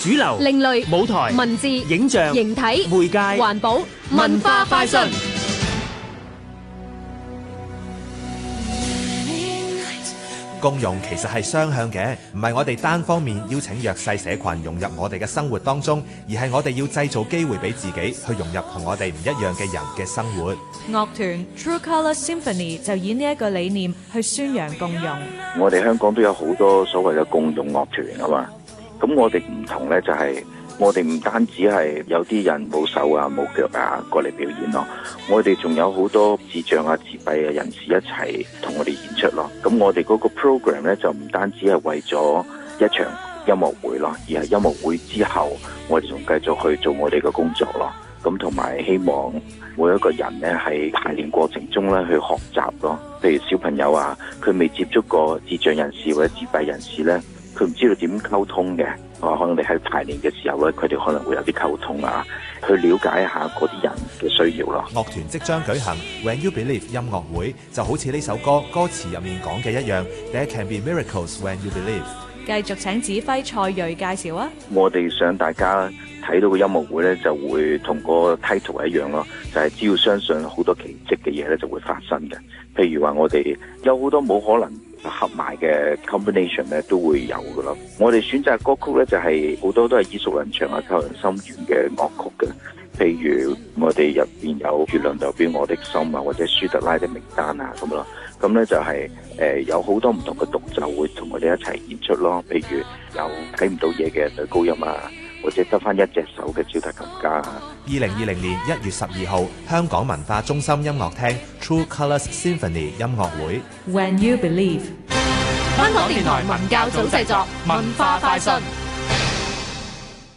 主流、另類、舞台、文字、影像、形體、媒介、環保、文化、快訊。共融其實係雙向嘅，唔係我哋單方面邀請弱勢社群融入我哋嘅生活當中，而係我哋要製造機會俾自己去融入同我哋唔一樣嘅人嘅生活。樂團 True Color Symphony 就以呢一個理念去宣揚共融。我哋香港都有好多所謂嘅共融樂團啊嘛。咁我哋唔同咧，就係、是、我哋唔單止係有啲人冇手啊冇腳啊過嚟表演咯，啊，我哋仲有好多智障啊、自閉啊人士一齊同我哋演出咯，啊。咁我哋嗰個 program 咧就唔單止係為咗一場音樂會咯，啊，而係音樂會之後我哋仲繼續去做我哋嘅工作咯，啊。咁同埋希望每一個人咧喺排練過程中咧去學習咯，啊，譬如小朋友啊，佢未接觸過智障人士或者自閉人士咧。佢唔知道點溝通嘅，我可能你喺排練嘅時候咧，佢哋可能會有啲溝通啊，去了解一下嗰啲人嘅需要咯。樂團即將舉行 When You Believe 音樂會，就好似呢首歌歌詞入面講嘅一樣，There can be miracles when you believe。繼續請指揮蔡瑞介紹啊。我哋想大家睇到個音樂會咧，就會同個 title 一樣咯，就係只要相信好多奇蹟嘅嘢咧，就會發生嘅。譬如話，我哋有好多冇可能。合埋嘅 combination 咧都會有噶啦，我哋選擇歌曲咧就係、是、好多都係耳熟能詳啊、扣人心絃嘅樂曲嘅，譬如我哋入邊有月亮代表我的心啊，或者舒特拉的名單啊咁樣咯，咁咧就係、是、誒、呃、有好多唔同嘅獨奏會同我哋一齊演出咯，譬如有睇唔到嘢嘅女高音啊。或者得翻一隻手嘅小提琴家。二零二零年一月十二號，香港文化中心音樂廳《True Colors Symphony》音樂會。When you believe。香港電台文教組製作，文化快訊。